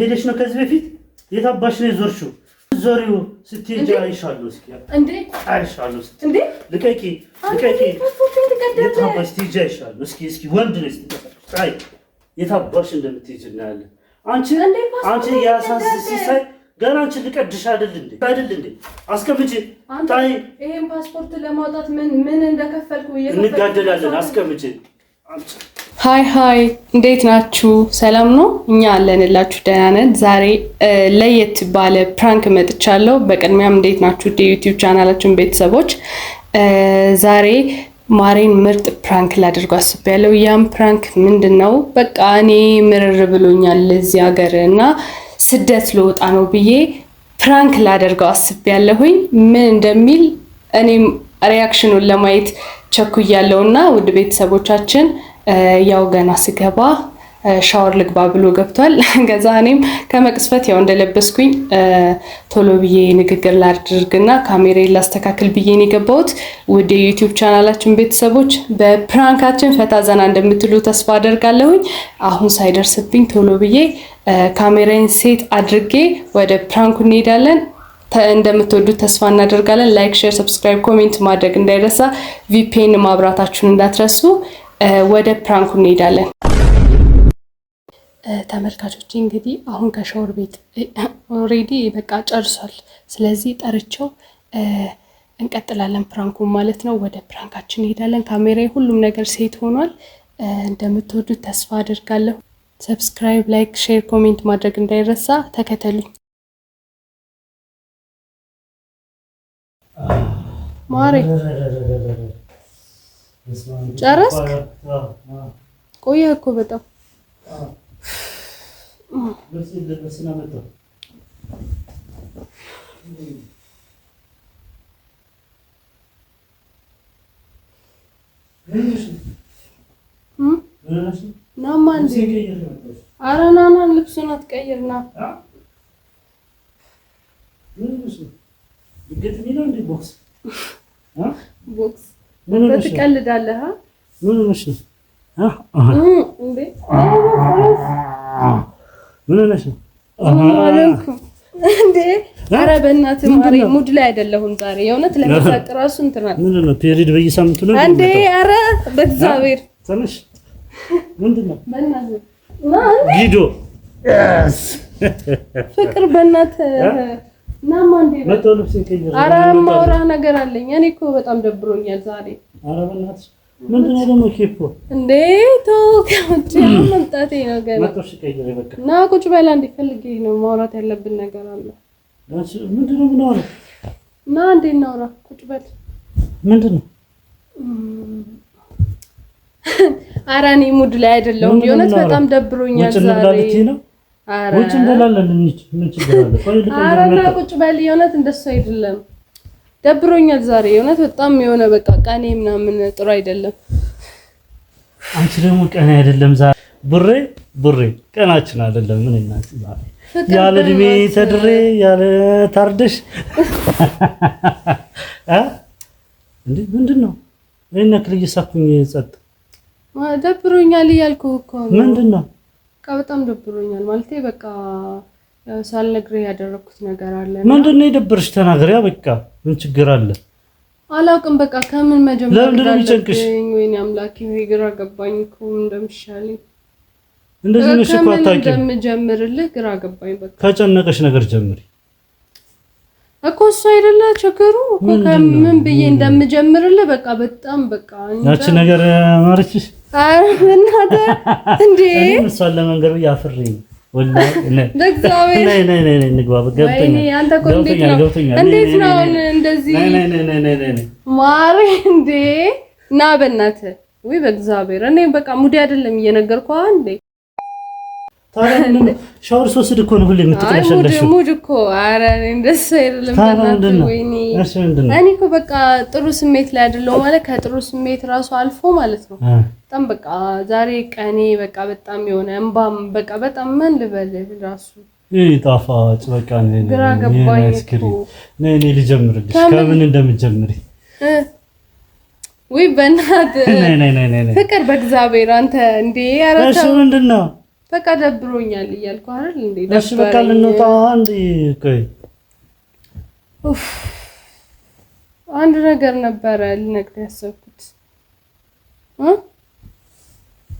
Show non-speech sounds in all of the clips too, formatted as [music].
ሄደሽ ነው ከዚህ በፊት የት አባሽ ነው የዞርሽው? ዞሪው ስትሄጂ አይሻለሁ። እስኪ እንዴ አይሻለሁ። እስኪ ልቀቂ፣ ልቀቂ። የት አባሽ ትሄጂ አይሻለሁ። እስኪ እስኪ ወንድ ነሽ አይ የት አባሽ እንደምትሄጂ እናያለን። አንቺ አንቺ ያሳስ ሲሳይ ገና አንቺ ልቀድሽ አይደል እንዴ? አይደል እንዴ? አስቀምጪ። ታይ ይሄን ፓስፖርት ለማውጣት ምን ምን እንደከፈልኩ እንጋደላለን። አስቀምጪ። ሀይ ሀይ እንዴት ናችሁ? ሰላም ነው? እኛ አለንላችሁ ደህና ነን። ዛሬ ለየት ባለ ፕራንክ መጥቻለሁ። በቅድሚያም እንዴት ናችሁ ዲ ቻናላችን ቤተሰቦች፣ ዛሬ ማሬን ምርጥ ፕራንክ ላደርጉ አስቤያለሁ። ያም ፕራንክ ምንድን ነው? በቃ እኔ ምርር ብሎኛል እዚህ ሀገር እና ስደት ልወጣ ነው ብዬ ፕራንክ ላደርገው አስቤያለሁኝ። ምን እንደሚል እኔም ሪያክሽኑን ለማየት ቸኩያለሁ እና ውድ ቤተሰቦቻችን ያው ገና ስገባ ሻወር ልግባ ብሎ ገብቷል። ገዛ [laughs] እኔም ከመቅስፈት ያው እንደለበስኩኝ ቶሎ ብዬ ንግግር ላድርግና ካሜራ ላስተካክል ብዬ የገባውት የገባሁት። ውድ የዩቲዩብ ቻናላችን ቤተሰቦች በፕራንካችን ፈታ ዘና እንደምትሉ ተስፋ አደርጋለሁኝ። አሁን ሳይደርስብኝ ቶሎ ብዬ ካሜራን ሴት አድርጌ ወደ ፕራንኩ እንሄዳለን። እንደምትወዱት ተስፋ እናደርጋለን። ላይክ፣ ሼር፣ ሰብስክራይብ፣ ኮሜንት ማድረግ እንዳይረሳ። ቪፒኤን ማብራታችሁን እንዳትረሱ። ወደ ፕራንኩ እንሄዳለን። ተመልካቾች እንግዲህ አሁን ከሻወር ቤት ኦልሬዲ በቃ ጨርሷል። ስለዚህ ጠርቸው እንቀጥላለን ፕራንኩን ማለት ነው። ወደ ፕራንካችን እንሄዳለን። ካሜራ ሁሉም ነገር ሴት ሆኗል። እንደምትወዱት ተስፋ አድርጋለሁ። ሰብስክራይብ፣ ላይክ፣ ሼር፣ ኮሜንት ማድረግ እንዳይረሳ። ተከተሉኝ። ማሬ ጨረስክ? ቆየህ እኮ በጣም ናማ እንደ ኧረ ና ና ልብሱን አትቀይር ና ቦክስ ትቀልዳለህ? ምን ሆነሽ ነው? ምን ሆነሽ ነው? ኧረ በእናትህ ማሪ ሙድ ላይ አይደለሁም ዛሬ። የእውነት ለመሳቅ ራሱ እንትን ምንድን ነው ፔሪድ በየሳምንቱ ነው እንዴ? ኧረ በእግዚአብሔር ትንሽ ምንድን ነው ጊዶ ፍቅር በእናትህ ኧረ ነገር አለኝ። እኔ እኮ በጣም ደብሮኛል ዛሬ። ኧረ በእናትሽ ምንድን ነው ደግሞ ኬፖ እንደ ተው መምጣቴ ነው ገና። ና ቁጭ በላ እንዲፈልግ ነው ማውራት ያለብን ነገር አለ። ምንድን ነው የምናወራው? ና እንዴ እናውራ። ቁጭ በል። ምንድን ነው ኧረ እኔ ሙድ ላይ አይደለሁም። የእውነት በጣም ደብሮኛል ዛሬ ነው ቁጭ እንላለን። ምን ችግር አለ? ቁጭ በል። የእውነት እንደሱ አይደለም። ደብሮኛል ዛሬ የእውነት በጣም የሆነ በቃ ቀኔ ምናምን ጥሩ አይደለም። አንቺ ደግሞ ቀኔ አይደለም ዛሬ ቡሬ ቡሬ ቀናችን አይደለም። ምን እናት ያለ እድሜ ተድሬ ያለ ታርደሽ እ [laughs] እንዴ ምንድን ነው እኔ ነክል እየሳኩኝ ጸጥ ደብሮኛል እያልኩህ እኮ ምንድን ነው በቃ በጣም ደብሮኛል። ማለቴ በቃ ሳልነግርህ ያደረግኩት ነገር አለ። ምንድን ነው የደበረሽ? ተናገሪያ። በቃ ምን ችግር አለ? አላውቅም። በቃ ከምን መጀመር ለምንድን ነው የሚጨንቅሽ? ወይኔ አምላኬ፣ ግራ ገባኝ እኮ እንደምሻለኝ እንደዚህ ነው ሽኳ ታቂ እንደምጀምርልህ ግራ ገባኝ። በቃ ከጨነቀሽ ነገር ጀምሪ እኮ እሱ አይደለ ችግሩ እኮ ከምን ብዬ እንደምጀምርልህ በቃ በጣም በቃ ያቺ ነገር ማረችሽ እሷን ለመንገዱ ያፍሬ ገብቶኛል። እና በእናትህ ወይ በእግዚአብሔር እኔ በቃ ሙዲ አይደለም እየነገርኩህ እንዴ ሻወር ስወስድ እኮ ነው ሁሌ የምትቅለሸለሽው። ሙድ እኮ ኧረ እንደሱ አይደለም። እኔ እኮ በቃ ጥሩ ስሜት ላይ አይደለሁም ማለት ከጥሩ ስሜት ራሱ አልፎ ማለት ነው። በጣም በቃ ዛሬ ቀኔ በቃ በጣም የሆነ እምባም በቃ በጣም ምን ልበል ራሱ ጣፋጭ በቃ ግራ ገባኝ እኮ። እኔ ልጀምርልሽ ከምን እንደምጀምር ወይ በእናትህ [laughs] ፍቅር በእግዚአብሔር አንተ እንዴ! ኧረ ምንድን ነው በቃ ደብሮኛል እያልኩ አይደል እንዴ? እሺ በቃ ልንወጣ። አንድ ቆይ አንድ ነገር ነበረ ልነግርህ ያሰብኩት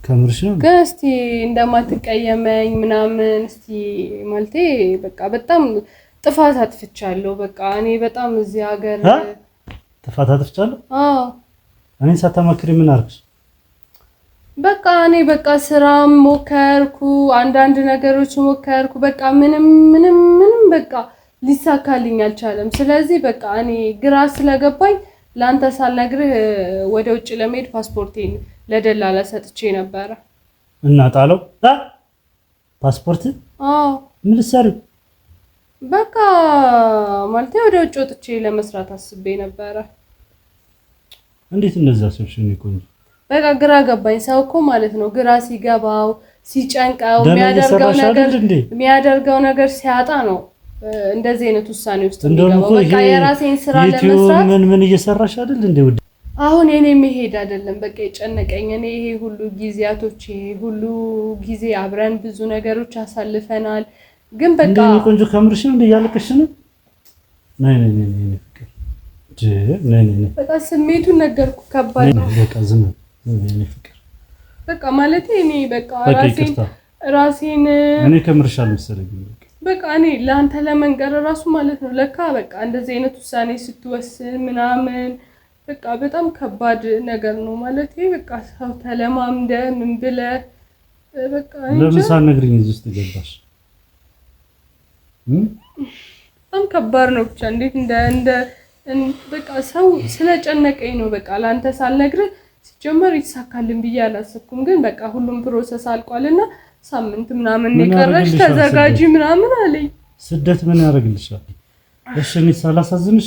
ከምርሽ ነው ግን እስቲ እንደማትቀየመኝ ምናምን እስቲ ማለቴ በቃ በጣም ጥፋት አጥፍቻለሁ። በቃ እኔ በጣም እዚህ ሀገር ጥፋት አጥፍቻለሁ። አዎ እኔን ሳታማክሪ ምን አድርግሽ? በቃ እኔ በቃ ስራም ሞከርኩ፣ አንዳንድ ነገሮች ሞከርኩ። በቃ ምንም ምንም ምንም በቃ ሊሳካልኝ አልቻለም። ስለዚህ በቃ እኔ ግራ ስለገባኝ ለአንተ ሳልነግርህ ወደ ውጭ ለመሄድ ፓስፖርቴን ለደላላ ሰጥቼ ነበረ እና ጣለው። ፓስፖርት ምን ልትሰሪው? በቃ ማለት ወደ ውጭ ወጥቼ ለመስራት አስቤ ነበረ። እንዴት እነዛ ሰዎች ነው በቃ ግራ ገባኝ። ሰው እኮ ማለት ነው ግራ ሲገባው ሲጨንቀው የሚያደርገው ነገር ሲያጣ ነው እንደዚህ አይነት ውሳኔ ውስጥ የሚገባው። በቃ የራሴን ስራ ለመስራት ምን ምን እየሰራሽ አይደል እንዴ? ውድ አሁን እኔ መሄድ አይደለም በቃ የጨነቀኝ እኔ ይሄ ሁሉ ጊዜያቶች ይሄ ሁሉ ጊዜ አብረን ብዙ ነገሮች አሳልፈናል። ግን በቃ እንዴ ቆንጆ ከምርሽን እንዴ እያለቅሽ ነው? ነይ ነይ ነይ ነይ ፍቅር ነይ ነይ ነይ በቃ ስሜቱን ነገርኩ። ከባድ ነው በቃ ዝም በቃ ማለት እኔ በቃ ራሴን እኔ ከምርሻል መሰለኝ በቃ እኔ ለአንተ ለመንገር ራሱ ማለት ነው። ለካ በቃ እንደዚህ አይነት ውሳኔ ስትወስን ምናምን በቃ በጣም ከባድ ነገር ነው ማለት በቃ ሰው ተለማምደ ምን ብለ በቃ ለምን ሳትነግሪኝ እዚህ ውስጥ ገባሽ? በጣም ከባድ ነው። ብቻ እንዴት እንደ እንደ በቃ ሰው ስለጨነቀኝ ነው በቃ ለአንተ ሳልነግርህ ሲጀመር ይሳካልን ብዬ አላሰብኩም፣ ግን በቃ ሁሉም ፕሮሰስ አልቋል አልቋልና ሳምንት ምናምን የቀረሽ ተዘጋጂ ምናምን አለኝ። ስደት ምን ያደርግልሻል? እሺ እኔ ሳላሳዝንሽ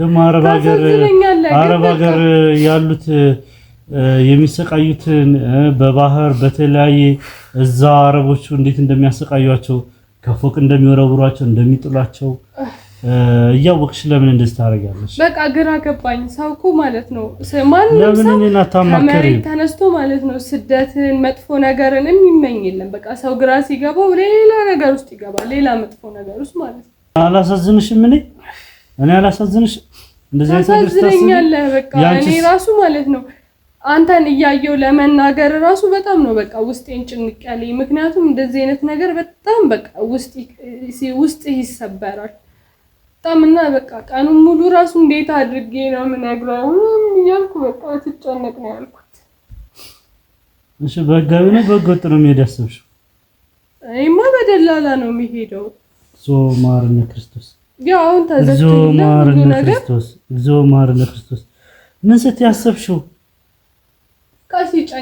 ደግሞ አረብ ሀገር አረብ ሀገር ያሉት የሚሰቃዩትን በባህር በተለያየ እዛ አረቦቹ እንዴት እንደሚያሰቃዩቸው ከፎቅ እንደሚወረውሯቸው እንደሚጥሏቸው እያወቅሽ ለምን እንደዚህ ታደርጊያለሽ? በቃ ግራ ገባኝ። ሰው እኮ ማለት ነው ማንም ሰው ተነስቶ ማለት ነው ስደትን፣ መጥፎ ነገርን የሚመኝ የለም። በቃ ሰው ግራ ሲገባው ሌላ ነገር ውስጥ ይገባል፣ ሌላ መጥፎ ነገር ውስጥ ማለት ነው። አላሳዝንሽም? እኔ እኔ አላሳዝንሽም? እንደዚህ ታሳዝነኛለህ። በቃ እኔ ራሱ ማለት ነው አንተን እያየው ለመናገር ራሱ በጣም ነው በቃ ውስጤን ጭንቅ ያለኝ። ምክንያቱም እንደዚህ አይነት ነገር በጣም በቃ ውስጥ ይሰበራል። በጣም እና በቃ ቀኑን ሙሉ ራሱ እንዴት አድርጌ ነው የምነግረው እያልኩ በቃ ትጨነቅ ነው ያልኩት። እሺ በህጋዊ ነው በህገ ወጥ ነው የሚሄድ ያሰብሽው? እኔማ በደላላ ነው የሚሄደው። እግዚኦ መሐረነ ክርስቶስ፣ ያው አሁን ተዘግቶ ክርስቶስ፣ እግዚኦ መሐረነ ክርስቶስ። ምን ስትይ ያሰብሽው?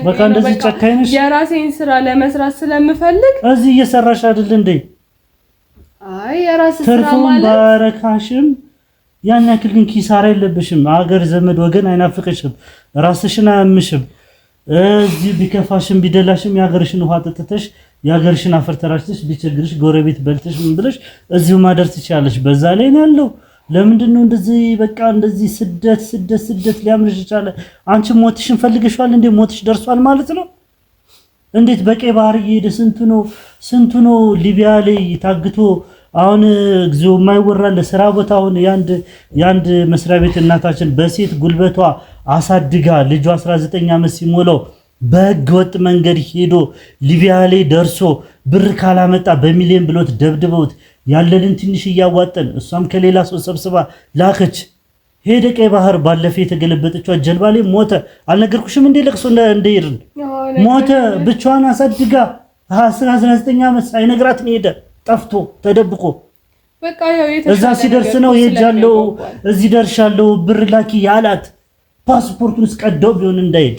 በቃ እንደዚህ ጨካኝ ነሽ። የራሴን ስራ ለመስራት ስለምፈልግ እዚህ እየሰራሽ አይደል እንዴ ትርፉም ባረካሽም ያን ያክል ግን ኪሳራ የለብሽም። አገር ዘመድ ወገን አይናፍቅሽም፣ ራስሽን አያምሽም። እዚህ ቢከፋሽም ቢደላሽም የሀገርሽን ውሃ ጠጥተሽ የሀገርሽን አፈር ተራጭተሽ ቢቸግርሽ ጎረቤት በልተሽ ምን ብለሽ እዚሁ ማደር ትችላለሽ። በዛ ላይ ነው ያለው። ለምንድን ነው እንደዚህ በቃ እንደዚህ ስደት ስደት ስደት ሊያምርሽ ይቻለ? አንቺ ሞትሽ ፈልገሽዋል እንዴ? ሞትሽ ደርሷል ማለት ነው። እንዴት በቀይ ባህር እየሄደ ስንቱ ነው ስንቱ ነው ሊቢያ ላይ ታግቶ አሁን እግዚኦ የማይወራ ለስራ ቦታ አሁን የአንድ መስሪያ ቤት እናታችን በሴት ጉልበቷ አሳድጋ ልጁ 19 ዓመት ሲሞላው በህገ ወጥ መንገድ ሄዶ ሊቢያ ላይ ደርሶ ብር ካላመጣ በሚሊዮን ብሎት ደብድበውት ያለንን ትንሽ እያዋጠን እሷም ከሌላ ሰው ሰብስባ ላከች። ሄደ ቀይ ባህር ባለፈ የተገለበጠችው ጀልባ ላይ ሞተ። አልነገርኩሽም እንዴ? ለቅሶ እንደሄድን ሞተ። ብቻዋን አሳድጋ 19 ዓመት ሳይነግራትን ሄደ። ጠፍቶ ተደብቆ እዛ ሲደርስ ነው ሄጃለሁ፣ እዚህ ደርሻለው፣ ብር ላኪ ያላት። ፓስፖርቱን እስቀደው ቢሆን እንዳይሄድ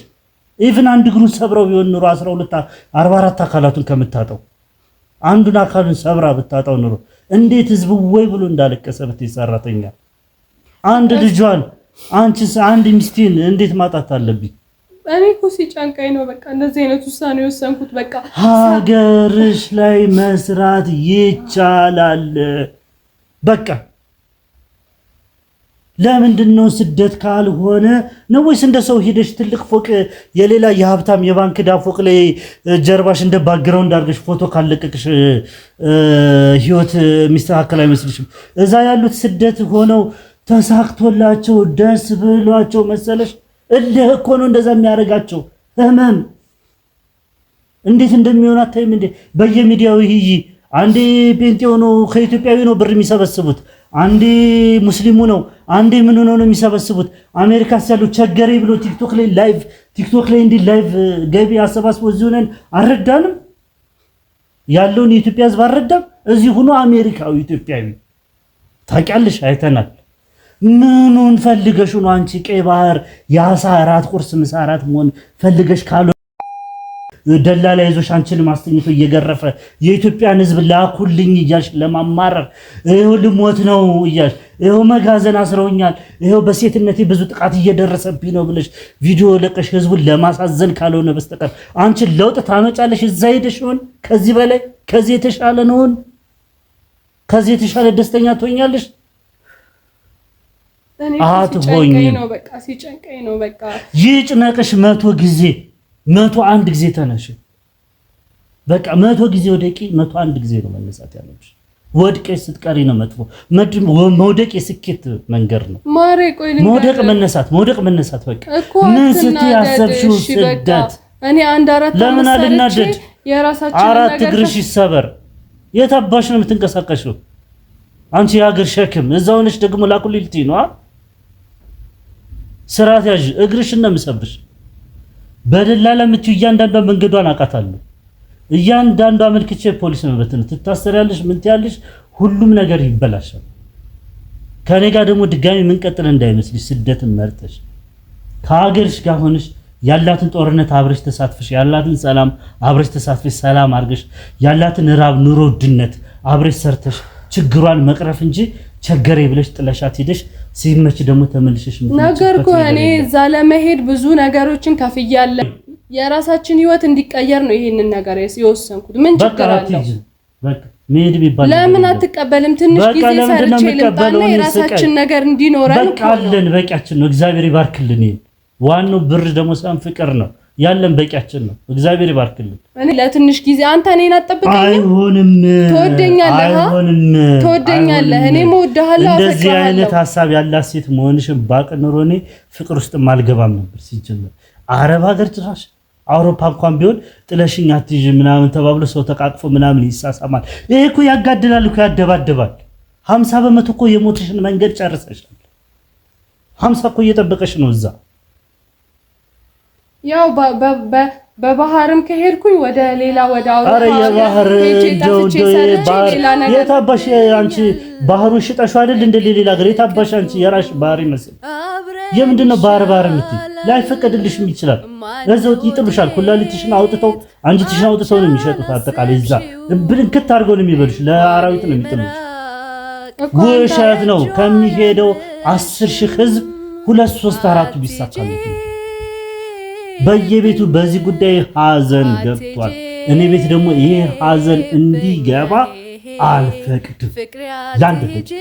ኢቭን አንድ እግሩን ሰብረው ቢሆን ኑሮ 12 44 አካላቱን ከምታጠው አንዱን አካሉን ሰብራ ብታጠው ኑሮ እንዴት ህዝብ ወይ ብሎ እንዳለቀሰበት ሰራተኛ አንድ ልጇን አንቺስ አንድ ሚስቴን እንዴት ማጣት አለብኝ? እኔ እኮ ሲጨንቀኝ ነው በቃ እንደዚህ አይነት ውሳኔ የወሰንኩት። በቃ ሀገርሽ ላይ መስራት ይቻላል። በቃ ለምንድን ነው ስደት ካልሆነ ነው ወይስ እንደ ሰው ሄደሽ ትልቅ ፎቅ የሌላ የሀብታም የባንክ ዳ ፎቅ ላይ ጀርባሽ እንደ ባግራውንድ አድርገሽ ፎቶ ካለቀቅሽ ህይወት ሚስተካከል አይመስልሽም? እዛ ያሉት ስደት ሆነው ተሳክቶላቸው ደስ ብሏቸው መሰለሽ። እንደ እኮ ነው እንደዛ የሚያደርጋቸው ህመም እንዴት እንደሚሆን አታይም እንዴ? በየሚዲያው ይህ አንዴ ጴንጤው ነው ከኢትዮጵያዊ ነው ብር የሚሰበስቡት፣ አንዴ ሙስሊሙ ነው፣ አንዴ ምን ሆኖ ነው የሚሰበስቡት። አሜሪካ ያሉ ቸገሬ ብሎ ቲክቶክ ላይ ላይቭ ቲክቶክ ላይ እንዲህ ላይቭ ገቢ አሰባስቦ እዚሁ ነን አልረዳንም፣ ያለውን የኢትዮጵያ ህዝብ አልረዳም። እዚህ ሆኖ አሜሪካዊ ኢትዮጵያዊ ታውቂያለሽ፣ አይተናል ምኑን ፈልገሽ ነው አንቺ ቀይ ባህር የአሳ እራት ቁርስ፣ ምሳ እራት መሆን ፈልገሽ ካሉ ደላላ ይዞሽ አንቺን ማስተኝቶ እየገረፈ የኢትዮጵያን ህዝብ ላኩልኝ እያልሽ ለማማረር ይኸው ልሞት ነው እያልሽ ይኸው መጋዘን አስረውኛል፣ ይኸው በሴትነቴ ብዙ ጥቃት እየደረሰብኝ ነው ብለሽ ቪዲዮ ለቀሽ ህዝቡን ለማሳዘን ካልሆነ በስተቀር አንቺን ለውጥ ታመጫለሽ? እዛ ሄደሽ ይሆን? ከዚህ በላይ ከዚህ የተሻለ ነውን? ከዚህ የተሻለ ደስተኛ ትሆኛለሽ? አት ሆኝ ነው በቃ ነው በቃ ይጭነቅሽ። መቶ ጊዜ መቶ አንድ ጊዜ ተነሽ። በቃ መቶ ጊዜ ወደቂ። መቶ አንድ ጊዜ ነው መነሳት ያለብሽ። ወድቀሽ ስትቀሪ ነው መጥፎ። መውደቅ የስኬት መንገድ ነው። መውደቅ መነሳት፣ መውደቅ መነሳት። በቃ ምን ስትይ አሰብሽው ስደት እኔ አንድ አራት ለምን አልናደድ? አራት እግርሽ ይሰበር። የታባሽ ነው የምትንቀሳቀሽው አንቺ የሀገር ሸክም። እዛ ነሽ ደግሞ ላኩልልቲ ነው ስርዓት ያዥ እግርሽ ነው የምሰብርሽ። በደላ ለምትዩ እያንዳንዷ መንገዷን አውቃታለሁ። እያንዳንዷ አመልክቼ ፖሊስ መበትን ትታሰሪያለሽ፣ ምን ትያለሽ፣ ሁሉም ነገር ይበላሻል። ከኔ ጋር ደግሞ ድጋሚ ምንቀጥል እንዳይመስልሽ። ስደትን መርጠሽ ከሀገርሽ ጋር ሆነሽ ያላትን ጦርነት አብረሽ ተሳትፈሽ፣ ያላትን ሰላም አብረሽ ተሳትፈሽ፣ ሰላም አድርገሽ ያላትን ራብ፣ ኑሮ ውድነት አብረሽ ሰርተሽ ችግሯን መቅረፍ እንጂ ቸገሬ ብለሽ ጥለሻት ሄደሽ ሲመች ደግሞ ተመልሸሽ ነገር እኮ እኔ እዛ ለመሄድ ብዙ ነገሮችን ከፍያለሁ። የራሳችን ህይወት እንዲቀየር ነው ይሄንን ነገር የወሰንኩት። ምን ችግር አለው? ለምን አትቀበልም? ትንሽ ጊዜ ሰርቼ ልምጣና የራሳችን ነገር እንዲኖረን በቃ አለን። በቂያችን ነው። እግዚአብሔር ይባርክልን። ዋናው ብር ደግሞ ሳይሆን ፍቅር ነው። ያለን በቂያችን ነው። እግዚአብሔር ይባርክልን። እኔ ለትንሽ ጊዜ አንተ እኔን አጠብቀኝ። አይሆንም። ትወደኛለህ፣ አይሆንም፣ ትወደኛለህ፣ እኔ እወድሃለሁ። እንደዚህ አይነት ሀሳብ ያላት ሴት መሆንሽን ባቅ ኖሮ እኔ ፍቅር ውስጥ አልገባም ነበር። ሲጀምር። አረብ ሀገር ጭራሽ አውሮፓ እንኳን ቢሆን ጥለሽኝ አትይዥ ምናምን ተባብሎ ሰው ተቃቅፎ ምናምን ይሳሳማል። ይሄ እኮ ያጋድላል እኮ ያደባደባል። ሀምሳ በመቶ እኮ የሞትሽን መንገድ ጨርሰሻል። ሀምሳ እኮ እየጠበቀሽ ነው እዛ ያው በባህርም ከሄድኩኝ ወደ ሌላ ወደ አውሮፓ አረ የባህር የታባሽ አንቺ ባህሩ ሽጠሽው አይደል እንደ ሌላ ሀገር የታባሽ አንቺ የራሽ ባህር ይመስል የምንድን ነው ባህር ባህር የምትይ ላይፈቀድልሽም ይችላል እዛው ይጥሉሻል ኩላሊትሽን አውጥተው አንጀትሽን አውጥተው ነው የሚሸጡት አጠቃላይ እዛ ብልንክት አድርገው ነው የሚበሉሽ ለአራዊት ነው የሚጥሉሽ ውሸት ነው ከሚሄደው አስር ሺህ ህዝብ ሁለት ሶስት አራቱ ቢሳካለት በየቤቱ በዚህ ጉዳይ ሐዘን ገብቷል። እኔ ቤት ደግሞ ይሄ ሐዘን እንዲገባ አልፈቅድም። ለአንድ ደቂቃ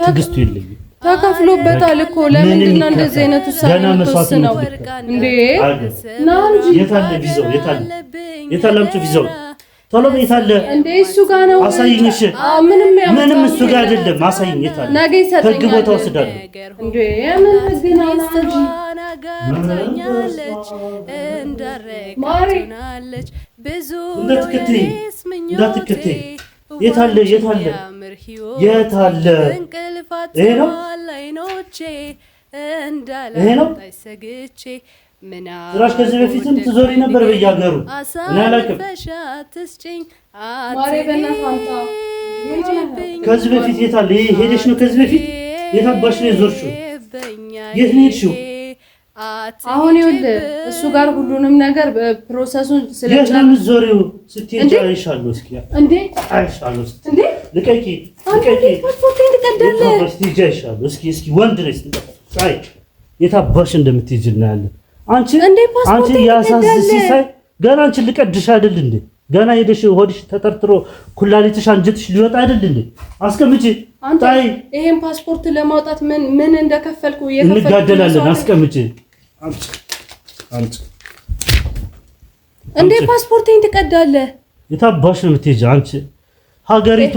ትዕግስቱ የለኝም። ተከፍሎበታል እኮ ለምንድን ነው እንደዚህ አይነት ውሳኔ ነው እንዴ? ና የታለ ቪዛው? የታለ የታላምጡ ቪዛው ቶሎ ቤት አለ እንደ እሱ ጋር ነው። አሳይኝ። እሺ፣ ምንም ምንም እሱ ጋር አይደለም። አሳይኝ። የት አለ? ነገ ይሰጠኛል። ህግ ቦታ ወስዳለሁ። እንዴ የምን ህግ ነው? ብዙ የት አለ? የት አለ? የት አለ? ይሄ ነው ይሄ ነው ጭራሽ ከዚህ በፊትም ትዞሪ ነበር በየሀገሩ ናላቅም ከዚህ በፊት የታለ ሄደሽ ነው? ከዚህ በፊት የታባሽ ነው የዞርሽው? የት ነው አሁን ይኸውልህ እሱ ጋር ሁሉንም ነገር ፕሮሰሱን ስለቻለ ዞሪው ስትሄጂ አይሻለሁ። እስኪ እንዴ አይሻለሁ። እንዴ ልቀቂ፣ ልቀቂ። ወንድ ነሽ። አይ እንደምትሄጂ እናያለን። አንቺ አንቺ ሲሳይ ገና አንቺ ልቀድሽ አይደል እንዴ? ገና ሄደሽ ሆድሽ ተጠርጥሮ ኩላሊትሽ አንጀትሽ ሊወጣ አይደል እንዴ? አስቀምጪ። ታይ ይሄን ፓስፖርት ለማውጣት ምን ምን እንደከፈልኩ እንጋደላለን። አስቀምጪ። አንቺ እንዴ ፓስፖርቴን ትቀዳለህ? የታባሽ ነው የምትሄጂ አንቺ ሀገሪቷ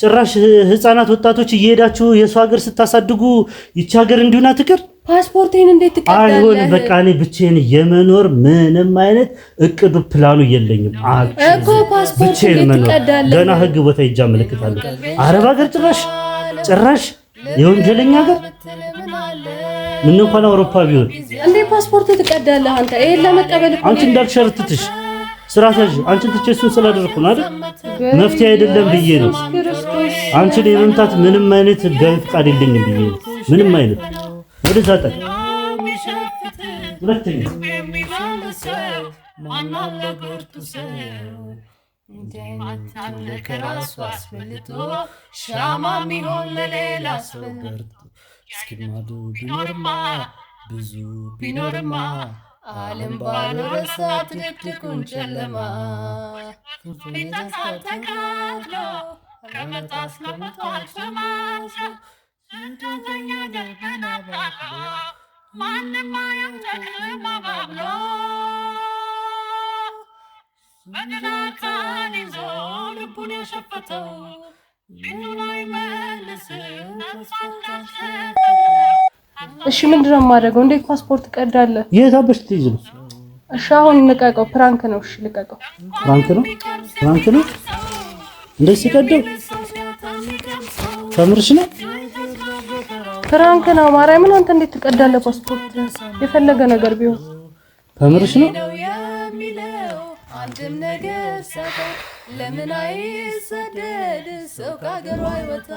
ጭራሽ ህፃናት ወጣቶች እየሄዳችሁ የሰው ሀገር ስታሳድጉ ይቺ ሀገር እንዲሁና ትቅር ፓስፖርቴን እንዴት ትቀዳለህ? አይሆን በቃ እኔ ብቻዬን የመኖር ምንም አይነት እቅዱ ፕላኑ የለኝም እኮ ፓስፖርት ትቀዳለህ። ገና ህግ ቦታ ሂጅ አመለክታለሁ። አረብ ሀገር ጭራሽ ጭራሽ የወንጀለኛ ሀገር ምን እንኳን አውሮፓ ቢሆን እንዴ ፓስፖርት ትቀዳለህ አንተ? ይሄን ለመቀበል አንቺ እንዳልሸርትትሽ ስራ ታጅ አንቺን ትቼ እሱን ስላደረኩ ነው አይደል? መፍትሄ አይደለም ብዬ ነው አንቺን የመምታት ምንም አይነት ህጋዊ ፍቃድ የለኝም ብዬ ነው ምንም አይነት ወደዛ ጠጥ ሁለተኛ ሻማ ሚሆን ለሌላ ሰው ቢኖርማ ብዙ ቢኖርማ ዓለም ባልረሳ ትድቅድቁን ጨለማ ቤተሰብ ተቃጥሎ ከመጣ ስለመቶ አልሰማሰ እሺ ምንድን ነው የማደርገው? እንዴት ፓስፖርት ቀዳለህ? የት አበሽ ትይዝ ነው? እሺ አሁን ልቀቀው፣ ፕራንክ ነው። እሺ ልቀቀው፣ ፕራንክ ነው፣ ፕራንክ ነው። እንዴት ሲቀደው ተምርሽ ነው ፍራንክ ነው። ማርያምን አንተ እንዴት ትቀዳለህ? ፓስፖርት የፈለገ ነገር ቢሆን ተምርሽ ነው አንድም ነገር ሰባ ለምን አይሰደድ ሰው ከሀገሩ አይወጣ።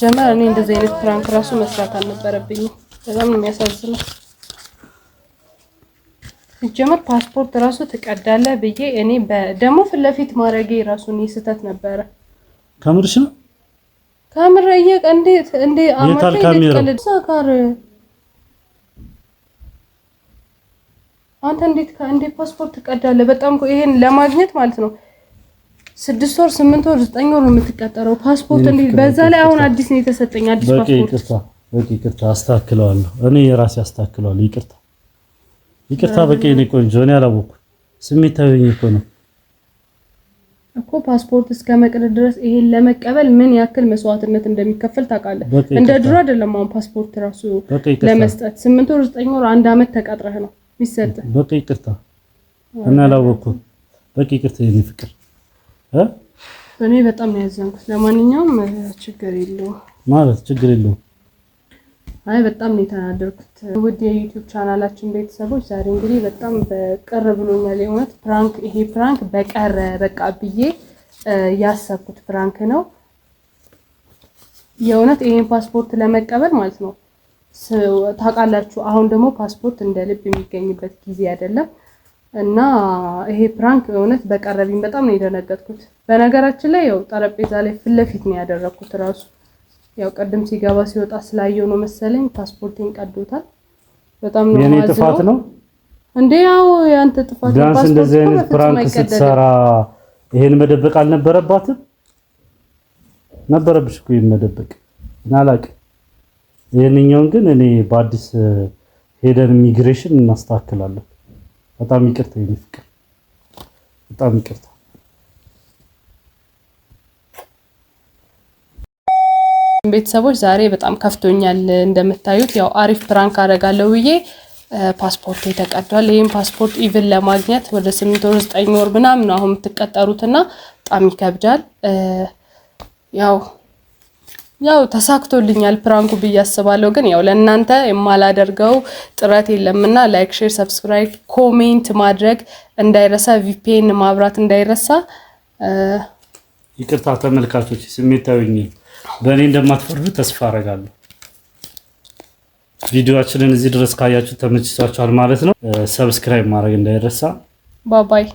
ጀመር እኔ እንደዚህ አይነት ፍራንክ ራሱ መስራት አልነበረብኝም። በጣም ነው የሚያሳዝነው። ሲጀመር ፓስፖርት ራሱ ትቀዳለህ ብዬ እኔ ደግሞ ፊት ለፊት ማድረጌ ራሱ እኔ ስህተት ነበረ። ከምርሽ ነው ካሜራ እየቀ እንዴት እንዴ አማታይ ልቀልድ ሳካር አንተ እንዴት ከእንዴ ፓስፖርት ትቀዳለህ? በጣም ይሄን ለማግኘት ማለት ነው ስድስት ወር ስምንት ወር ዘጠኝ ወር ነው የምትቀጠረው። ፓስፖርት እንዴ በዛ ላይ አሁን አዲስ ነው የተሰጠኝ አዲስ ፓስፖርት። በቂ ይቅርታ አስተካክለዋለሁ፣ እኔ የራሴ አስተካክለዋለሁ። ይቅርታ ይቅርታ፣ በቂ ነው ቆንጆ እኔ አላወኩም፣ ስሜታዊ እኮ ነው እኮ ፓስፖርት እስከ መቅደድ ድረስ ይሄን ለመቀበል ምን ያክል መስዋዕትነት እንደሚከፈል ታውቃለህ። እንደ ድሮ አይደለም። አሁን ፓስፖርት ራሱ ለመስጠት ስምንት ወር ዘጠኝ ወር አንድ አመት ተቀጥረህ ነው የሚሰጥህ። በቃ ይቅርታ እና አላወኩም። በቃ ይቅርታ የኔ ፍቅር እኔ በጣም ነው ያዘንኩት። ለማንኛውም ችግር የለውም ማለት ችግር የለውም። አይ በጣም ነው የተናደርኩት። ውድ የዩቲዩብ ቻናላችን ቤተሰቦች ዛሬ እንግዲህ በጣም በቅር ብሎኛል። የእውነት ፕራንክ ይሄ ፕራንክ በቀረ በቃ ብዬ ያሰብኩት ፕራንክ ነው። የእውነት ይሄን ፓስፖርት ለመቀበል ማለት ነው ታውቃላችሁ። አሁን ደግሞ ፓስፖርት እንደ ልብ የሚገኝበት ጊዜ አይደለም እና ይሄ ፕራንክ እውነት በቀረብኝ በጣም ነው የደነገጥኩት። በነገራችን ላይ ያው ጠረጴዛ ላይ ፊት ለፊት ነው ያደረግኩት ራሱ ያው ቀደም ሲገባ ሲወጣ ስላየው ነው መሰለኝ ፓስፖርቴን ቀዶታል። በጣም ነው የኔ ጥፋት ነው እንዴ? ያው ያንተ ጥፋት ነው። እንደዚህ አይነት ፕራንክ ስትሰራ ይሄን መደበቅ አልነበረባትም። ነበረብሽ እኮ መደበቅ ናላቅ። ይሄንኛውን ግን እኔ በአዲስ ሄደን ኢሚግሬሽን እናስተካክላለን። በጣም ይቅርታ የኔ በጣም ይቅርታ ቤተሰቦች ዛሬ በጣም ከፍቶኛል። እንደምታዩት ያው አሪፍ ፕራንክ አደርጋለሁ ብዬ ፓስፖርት ተቀዷል። ይህም ፓስፖርት ኢቭን ለማግኘት ወደ ስምንት ወር ዘጠኝ ወር ምናምን ነው አሁን የምትቀጠሩትና በጣም ይከብዳል። ያው ያው ተሳክቶልኛል ፕራንኩ ብዬ አስባለሁ። ግን ያው ለእናንተ የማላደርገው ጥረት የለምና ላይክ፣ ሼር፣ ሰብስክራይብ፣ ኮሜንት ማድረግ እንዳይረሳ፣ ቪፒኤን ማብራት እንዳይረሳ። ይቅርታ ተመልካቾች ስሜታዊኝ በእኔ እንደማትፈርዱ ተስፋ አረጋለሁ። ቪዲዮችንን እዚህ ድረስ ካያችሁ ተመችቷችኋል ማለት ነው። ሰብስክራይብ ማድረግ እንዳይረሳ። ባባይ